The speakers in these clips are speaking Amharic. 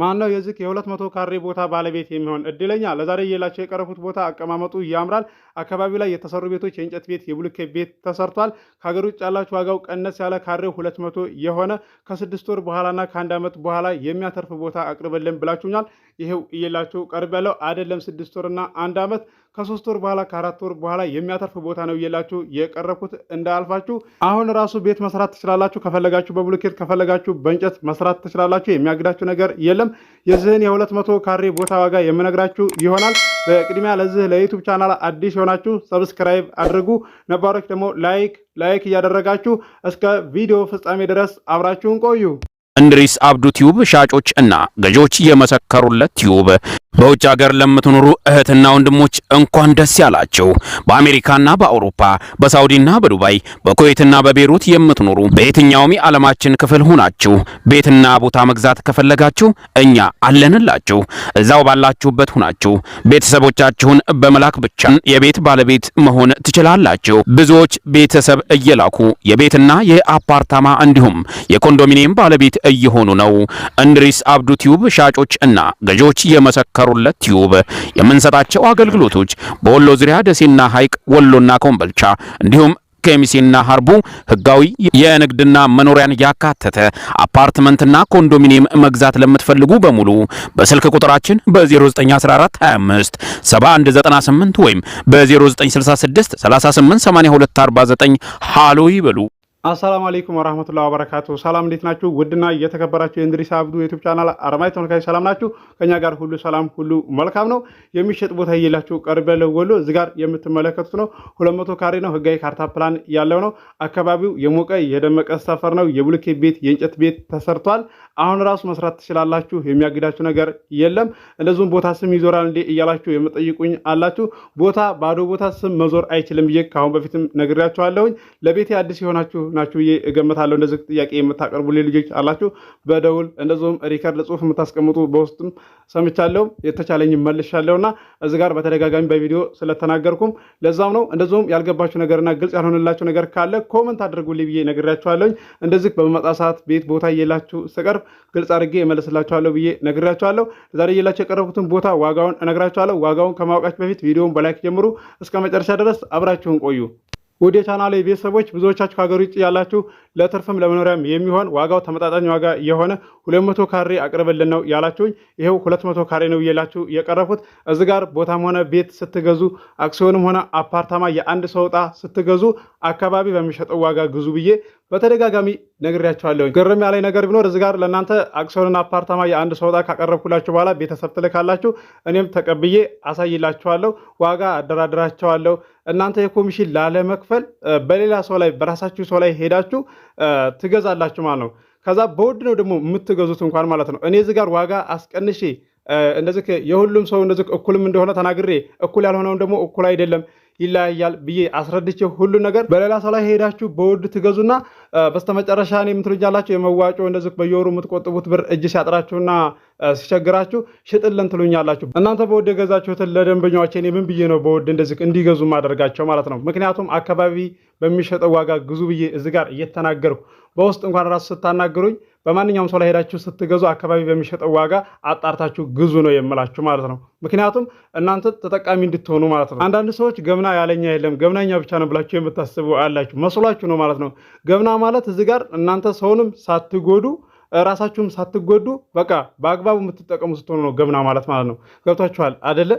ማን ነው የዚህ የሁለት መቶ ካሬ ቦታ ባለቤት የሚሆን እድለኛ? ለዛሬ የላቸው የቀረፉት ቦታ አቀማመጡ ያምራል። አካባቢው ላይ የተሰሩ ቤቶች የእንጨት ቤት፣ የብሎኬት ቤት ተሰርቷል። ከሀገር ውጭ ያላችሁ ዋጋው ቀነስ ያለ ካሬው መቶ የሆነ ከስድስት ወር በኋላና ከአንድ ዓመት በኋላ የሚያተርፍ ቦታ አቅርበልን ብላችሁኛል። ይሄው እየላቸው ቀርብ ያለው አይደለም ስድስት ወርና አንድ ዓመት ከሶስት ወር በኋላ ከአራት ወር በኋላ የሚያተርፍ ቦታ ነው እየላችሁ የቀረብኩት እንዳያልፋችሁ። አሁን ራሱ ቤት መስራት ትችላላችሁ። ከፈለጋችሁ በብሎኬት ከፈለጋችሁ በእንጨት መስራት ትችላላችሁ። የሚያግዳችሁ ነገር የለም። የዚህን የሁለት መቶ ካሬ ቦታ ዋጋ የምነግራችሁ ይሆናል። በቅድሚያ ለዚህ ለዩቱብ ቻናል አዲስ የሆናችሁ ሰብስክራይብ አድርጉ፣ ነባሮች ደግሞ ላይክ ላይክ እያደረጋችሁ እስከ ቪዲዮ ፍጻሜ ድረስ አብራችሁን ቆዩ። እንድሪስ አብዱ ቲዩብ ሻጮች እና ገዢዎች የመሰከሩለት ቲዩብ በውጭ ሀገር ለምትኖሩ እህትና ወንድሞች እንኳን ደስ ያላችሁ። በአሜሪካና በአውሮፓ በሳውዲና በዱባይ በኩዌትና በቤሩት የምትኖሩ በየትኛውም የዓለማችን ክፍል ሁናችሁ ቤትና ቦታ መግዛት ከፈለጋችሁ እኛ አለንላችሁ። እዛው ባላችሁበት ሁናችሁ ቤተሰቦቻችሁን በመላክ ብቻ የቤት ባለቤት መሆን ትችላላችሁ። ብዙዎች ቤተሰብ እየላኩ የቤትና የአፓርታማ እንዲሁም የኮንዶሚኒየም ባለቤት እየሆኑ ነው። እንድሪስ አብዱ ቲዩብ ሻጮች እና ገዢዎች የመሰከ ለመሰከሩለት ቲዩብ የምንሰጣቸው አገልግሎቶች በወሎ ዙሪያ ደሴና ሐይቅ፣ ወሎና ኮምበልቻ እንዲሁም ከሚሴና ሀርቡ ህጋዊ የንግድና መኖሪያን ያካተተ አፓርትመንትና ኮንዶሚኒየም መግዛት ለምትፈልጉ በሙሉ በስልክ ቁጥራችን በ091425 ወይም በ0966 ሃሎ ይበሉ። አሰላሙ አለይኩም ወራህመቱላሂ ወበረካቱ። ሰላም እንዴት ናችሁ? ውድና እየተከበራችሁ የእንድሪስ አብዱ ዩቲዩብ ቻናል አርማይ ተመልካች ሰላም ናችሁ? ከኛ ጋር ሁሉ ሰላም ሁሉ መልካም ነው። የሚሸጥ ቦታ ይላችሁ ቀርበ ለወሎ እዚህ ጋር የምትመለከቱት ነው። 200 ካሬ ነው። ህጋዊ ካርታ ፕላን ያለው ነው። አካባቢው የሞቀ የደመቀ ሰፈር ነው። የብሎኬት ቤት የእንጨት ቤት ተሰርቷል። አሁን ራሱ መስራት ትችላላችሁ። የሚያግዳችሁ ነገር የለም። እንደዚሁም ቦታ ስም ይዞራል እንዴ እያላችሁ የምጠይቁኝ አላችሁ። ቦታ ባዶ ቦታ ስም መዞር አይችልም ብዬ ከአሁን በፊትም ነግሬያችኋለሁኝ። ለቤቴ አዲስ የሆናችሁ ናችሁ ብዬ እገምታለሁ። እንደዚህ ጥያቄ የምታቀርቡ ልጆች አላችሁ። በደውል እንደዚሁም ሪከርድ ጽሁፍ የምታስቀምጡ በውስጥም ሰምቻለሁ። የተቻለኝ መልሻለሁና እዚ ጋር በተደጋጋሚ በቪዲዮ ስለተናገርኩም ለዛም ነው። እንደዚሁም ያልገባችሁ ነገርና ግልጽ ያልሆነላችሁ ነገር ካለ ኮመንት አድርጉልኝ ብዬ ነግሬያችኋለሁኝ። እንደዚህ በመጣ ሰዓት ቤት ቦታ እየላችሁ ስቀርብ ግልጽ አድርጌ እመለስላችኋለሁ ብዬ ነግራችኋለሁ። ዛሬ እየላቸው የቀረብኩትን ቦታ ዋጋውን እነግራችኋለሁ። ዋጋውን ከማወቃችሁ በፊት ቪዲዮውን በላይክ ጀምሩ፣ እስከ መጨረሻ ድረስ አብራችሁን ቆዩ። ውድ የቻናሌ ቤተሰቦች ብዙዎቻችሁ ከሀገር ውጭ ያላችሁ ለትርፍም ለመኖሪያም የሚሆን ዋጋው ተመጣጣኝ ዋጋ የሆነ ሁለት መቶ ካሬ አቅርብልን ነው ያላችሁኝ። ይኸው ሁለት መቶ ካሬ ነው ብዬላችሁ የቀረብኩት። እዚህ ጋር ቦታም ሆነ ቤት ስትገዙ አክሲዮንም ሆነ አፓርታማ የአንድ ሰው ዕጣ ስትገዙ አካባቢ በሚሸጠው ዋጋ ግዙ ብዬ በተደጋጋሚ ነግሬያቸዋለሁ። ግርም ያለኝ ነገር ቢኖር እዚህ ጋር ለእናንተ አክሲዮንና አፓርታማ የአንድ ሰው ዕጣ ካቀረብኩላችሁ በኋላ ቤተሰብ ትልካላችሁ፣ እኔም ተቀብዬ አሳይላችኋለሁ፣ ዋጋ አደራድራቸዋለሁ። እናንተ የኮሚሽን ላለመክፈል በሌላ ሰው ላይ በራሳችሁ ሰው ላይ ሄዳችሁ ትገዛላችሁ ማለት ነው። ከዛ በውድ ነው ደግሞ የምትገዙት እንኳን ማለት ነው። እኔ እዚህ ጋር ዋጋ አስቀንሼ እንደዚህ የሁሉም ሰው እንደዚህ እኩልም እንደሆነ ተናግሬ እኩል ያልሆነውን ደግሞ እኩል አይደለም ይለያያል ብዬ አስረድቼ ሁሉ ነገር በሌላ ሰው ላይ ሄዳችሁ በውድ ትገዙና በስተመጨረሻ እኔ የምትሉኛላችሁ የመዋጮ እንደዚህ በየወሩ የምትቆጥቡት ብር እጅ ሲያጥራችሁና ሲቸግራችሁ ሽጥልን ትሉኛላችሁ። እናንተ በውድ የገዛችሁትን ለደንበኛዎች እኔ ምን ብዬ ነው በውድ እንደዚህ እንዲገዙ ማደርጋቸው ማለት ነው። ምክንያቱም አካባቢ በሚሸጠው ዋጋ ግዙ ብዬ እዚህ ጋር እየተናገርኩ በውስጥ እንኳን ራሱ ስታናግሩኝ በማንኛውም ሰው ላይ ሄዳችሁ ስትገዙ አካባቢ በሚሸጠው ዋጋ አጣርታችሁ ግዙ ነው የምላችሁ ማለት ነው። ምክንያቱም እናንተ ተጠቃሚ እንድትሆኑ ማለት ነው። አንዳንድ ሰዎች ገብና ያለኛ የለም ገብናኛ ብቻ ነው ብላችሁ የምታስቡ አላችሁ፣ መስሏችሁ ነው ማለት ነው። ገብና ማለት እዚህ ጋር እናንተ ሰውንም ሳትጎዱ ራሳችሁም ሳትጎዱ በቃ በአግባቡ የምትጠቀሙ ስትሆኑ ነው ገብና ማለት ማለት ነው። ገብቷችኋል አደለ?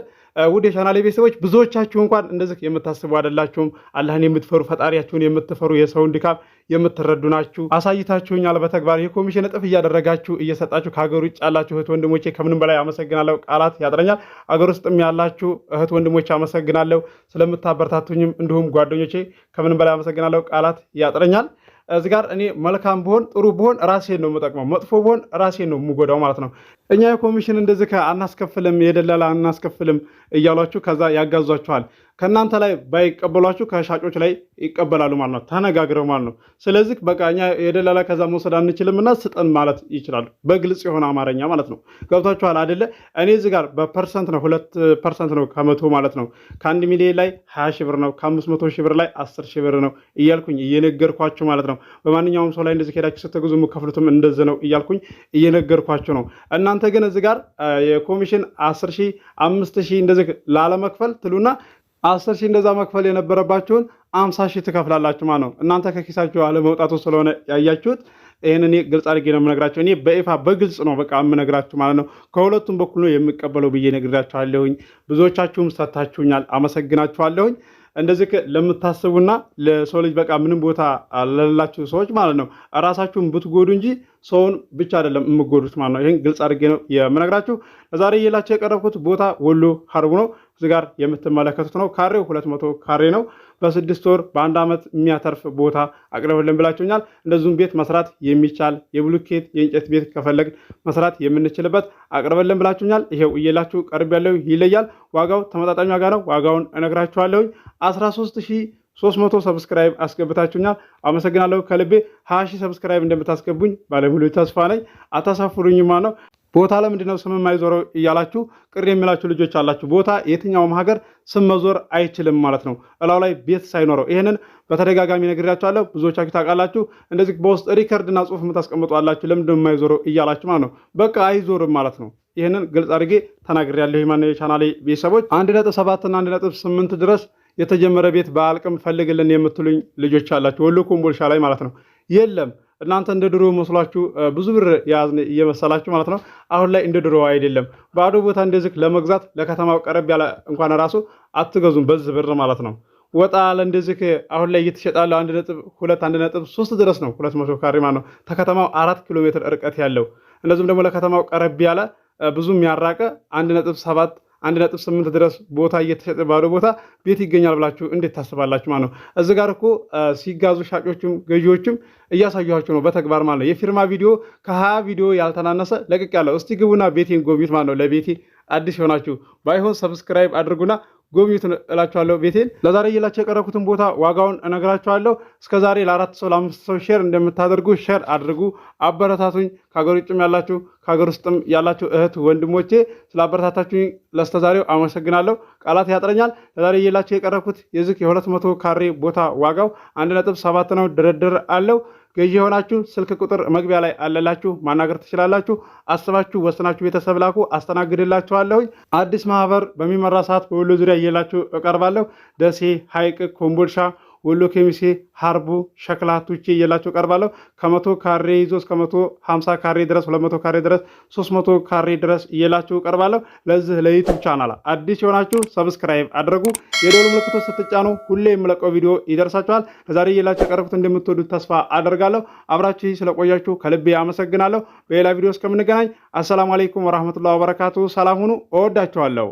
ውድ የቻናሌ ቤተሰቦች ብዙዎቻችሁ እንኳን እንደዚህ የምታስቡ አይደላችሁም። አላህን የምትፈሩ ፈጣሪያችሁን የምትፈሩ የሰውን ድካም የምትረዱ ናችሁ። አሳይታችሁኛል በተግባር የኮሚሽን እጥፍ እያደረጋችሁ እየሰጣችሁ ከሀገር ውጭ ያላችሁ እህት ወንድሞቼ ከምንም በላይ አመሰግናለሁ። ቃላት ያጥረኛል። አገር ውስጥም ያላችሁ እህት ወንድሞቼ አመሰግናለሁ ስለምታበረታቱኝም፣ እንዲሁም ጓደኞቼ ከምንም በላይ አመሰግናለሁ። ቃላት ያጥረኛል። እዚ ጋር እኔ መልካም ብሆን ጥሩ ብሆን ራሴን ነው የምጠቅመው፣ መጥፎ ብሆን ራሴን ነው የምጎዳው ማለት ነው። እኛ የኮሚሽን እንደዚህ አናስከፍልም፣ የደላላ አናስከፍልም እያሏችሁ ከዛ ያጋዟችኋል። ከእናንተ ላይ ባይቀበሏችሁ ከሻጮች ላይ ይቀበላሉ ማለት ነው፣ ተነጋግረው ማለት ነው። ስለዚህ በቃ እኛ የደላላ ከዛ መውሰድ አንችልም እና ስጠን ማለት ይችላሉ፣ በግልጽ የሆነ አማርኛ ማለት ነው። ገብታችኋል አደለ? እኔ እዚህ ጋር በፐርሰንት ነው፣ ሁለት ፐርሰንት ነው ከመቶ ማለት ነው። ከአንድ ሚሊዮን ላይ ሀያ ሺህ ብር ነው፣ ከአምስት መቶ ሺህ ብር ላይ አስር ሺህ ብር ነው እያልኩኝ እየነገርኳችሁ ማለት ነው። በማንኛውም ሰው ላይ እንደዚህ ሄዳችሁ ስትጉዙ የምከፍሉትም እንደዚህ ነው እያልኩኝ እየነገርኳችሁ ነው። እናንተ ግን እዚህ ጋር የኮሚሽን አስር ሺህ አምስት ሺህ እንደዚህ ላለመክፈል ትሉና አስር ሺህ እንደዛ መክፈል የነበረባችሁን አምሳ ሺህ ትከፍላላችሁ ማለት ነው። እናንተ ከኪሳችሁ አለመውጣቱ ስለሆነ ያያችሁት ይህን እኔ ግልጽ አድርጌ ነው የምነግራቸው። እኔ በይፋ በግልጽ ነው በቃ የምነግራችሁ ማለት ነው። ከሁለቱም በኩል ነው የምቀበለው ብዬ ነግሬያችኋለሁኝ። ብዙዎቻችሁም ሰታችሁኛል፣ አመሰግናችኋለሁኝ። እንደዚህ ለምታስቡና ለሰው ልጅ በቃ ምንም ቦታ ለሌላችሁ ሰዎች ማለት ነው ራሳችሁን ብትጎዱ እንጂ ሰውን ብቻ አይደለም የምጎዱት ማለት ነው። ይህን ግልጽ አድርጌ ነው የምነግራችሁ። ለዛሬ እየላቸው የቀረብኩት ቦታ ወሎ ሀርቡ ነው። እዚህ ጋር የምትመለከቱት ነው። ካሬው ሁለት መቶ ካሬ ነው። በስድስት ወር በአንድ ዓመት የሚያተርፍ ቦታ አቅርብልን ብላችሁኛል። እንደዚሁም ቤት መስራት የሚቻል የብሎኬት የእንጨት ቤት ከፈለግ መስራት የምንችልበት አቅርብልን ብላችሁኛል። ይሄው እየላችሁ ቀርብ ያለው ይለያል። ዋጋው ተመጣጣኝ ዋጋ ነው። ዋጋውን እነግራችኋለሁኝ 13 ሺህ ሶስት መቶ ሰብስክራይብ አስገብታችሁኛል። አመሰግናለሁ ከልቤ። ሀያ ሺህ ሰብስክራይብ እንደምታስገቡኝ ባለሙሉ ተስፋ ነኝ። አታሳፍሩኝማ ነው ቦታ ለምንድነው ነው ስም የማይዞረው እያላችሁ ቅር የሚላችሁ ልጆች አላችሁ። ቦታ የትኛውም ሀገር ስም መዞር አይችልም ማለት ነው፣ እላው ላይ ቤት ሳይኖረው። ይህንን በተደጋጋሚ ነግሬያችኋለሁ፣ ብዙዎቻችሁ ታውቃላችሁ። እንደዚህ በውስጥ ሪከርድና ጽሁፍ የምታስቀምጡ አላችሁ፣ ለምንድን የማይዞረው እያላችሁ ማለት ነው። በቃ አይዞርም ማለት ነው። ይህንን ግልጽ አድርጌ ተናግሬያለሁ። የማን የቻናሌ ቤተሰቦች አንድ ነጥብ ሰባትና አንድ ነጥብ ስምንት ድረስ የተጀመረ ቤት በአልቅም ፈልግልን የምትሉኝ ልጆች አላችሁ፣ ወሎ ኮምቦልሻ ላይ ማለት ነው። የለም እናንተ እንደ ድሮ መስሏችሁ ብዙ ብር የያዝን እየመሰላችሁ ማለት ነው። አሁን ላይ እንደ ድሮ አይደለም። ባዶ ቦታ እንደዚህ ለመግዛት ለከተማው ቀረብ ያለ እንኳን ራሱ አትገዙም በዚህ ብር ማለት ነው። ወጣ ያለ እንደዚህ አሁን ላይ እየተሸጣለው አንድ ነጥብ ሁለት አንድ ነጥብ ሶስት ድረስ ነው። ሁለት መቶ ካሬ ማለት ነው ተከተማው አራት ኪሎ ሜትር እርቀት ያለው እንደዚሁም ደግሞ ለከተማው ቀረብ ያለ ብዙም ያራቀ አንድ ነጥብ ሰባት አንድ ነጥብ ስምንት ድረስ ቦታ እየተሸጠ ባዶ ቦታ ቤት ይገኛል ብላችሁ እንዴት ታስባላችሁ ማለት ነው። እዚህ ጋር እኮ ሲጋዙ ሻጮችም ገዢዎችም እያሳዩቸው ነው በተግባር ማለት ነው። የፊርማ ቪዲዮ ከሀያ ቪዲዮ ያልተናነሰ ለቅቅ ያለው እስቲ ግቡና ቤቴን ጎብኙት ማለት ነው። ለቤቴ አዲስ የሆናችሁ ባይሆን ሰብስክራይብ አድርጉና ጎብኙት እላችኋለሁ። ቤቴን ለዛሬ እየላቸው የቀረብኩትን ቦታ ዋጋውን እነግራችኋለሁ። እስከዛሬ ለአራት ሰው ለአምስት ሰው ሼር እንደምታደርጉ ሼር አድርጉ፣ አበረታቱኝ። ከሀገር ውጭም ያላችሁ ከሀገር ውስጥም ያላችሁ እህት ወንድሞቼ ስለ አበረታታችሁኝ ለስተዛሬው አመሰግናለሁ። ቃላት ያጥረኛል። ለዛሬ እየላቸው የቀረብኩት የዚህ የሁለት መቶ ካሬ ቦታ ዋጋው አንድ ነጥብ ሰባት ነው። ድርድር አለው። ገዢ የሆናችሁ ስልክ ቁጥር መግቢያ ላይ አለላችሁ፣ ማናገር ትችላላችሁ። አስባችሁ ወስናችሁ ቤተሰብ ላኩ፣ አስተናግድላችኋለሁኝ። አዲስ ማህበር በሚመራ ሰዓት በወሎ ዙሪያ እየላችሁ እቀርባለሁ። ደሴ፣ ሐይቅ፣ ኮምቦልሻ ወሎ ኬሚሴ፣ ሀርቡ፣ ሸክላ፣ ቱቼ እየላቸው ቀርባለሁ። ከመቶ ካሬ ይዞ እስከ መቶ ሀምሳ ካሬ ድረስ፣ ሁለት መቶ ካሬ ድረስ፣ ሶስት መቶ ካሬ ድረስ እየላቸው ቀርባለሁ። ለዚህ ለዩቱብ ቻናል አዲስ የሆናችሁ ሰብስክራይብ አድርጉ። የደወል ምልክቶ ስትጫኑ ሁሌ የምለቀው ቪዲዮ ይደርሳችኋል። ለዛሬ እየላቸው የቀረብኩት እንደምትወዱት ተስፋ አደርጋለሁ። አብራችሁ ስለቆያችሁ ከልቤ አመሰግናለሁ። በሌላ ቪዲዮ እስከምንገናኝ አሰላሙ አለይኩም ወራህመቱላሂ ወበረካቱ። ሰላም ሁኑ። እወዳችኋለሁ።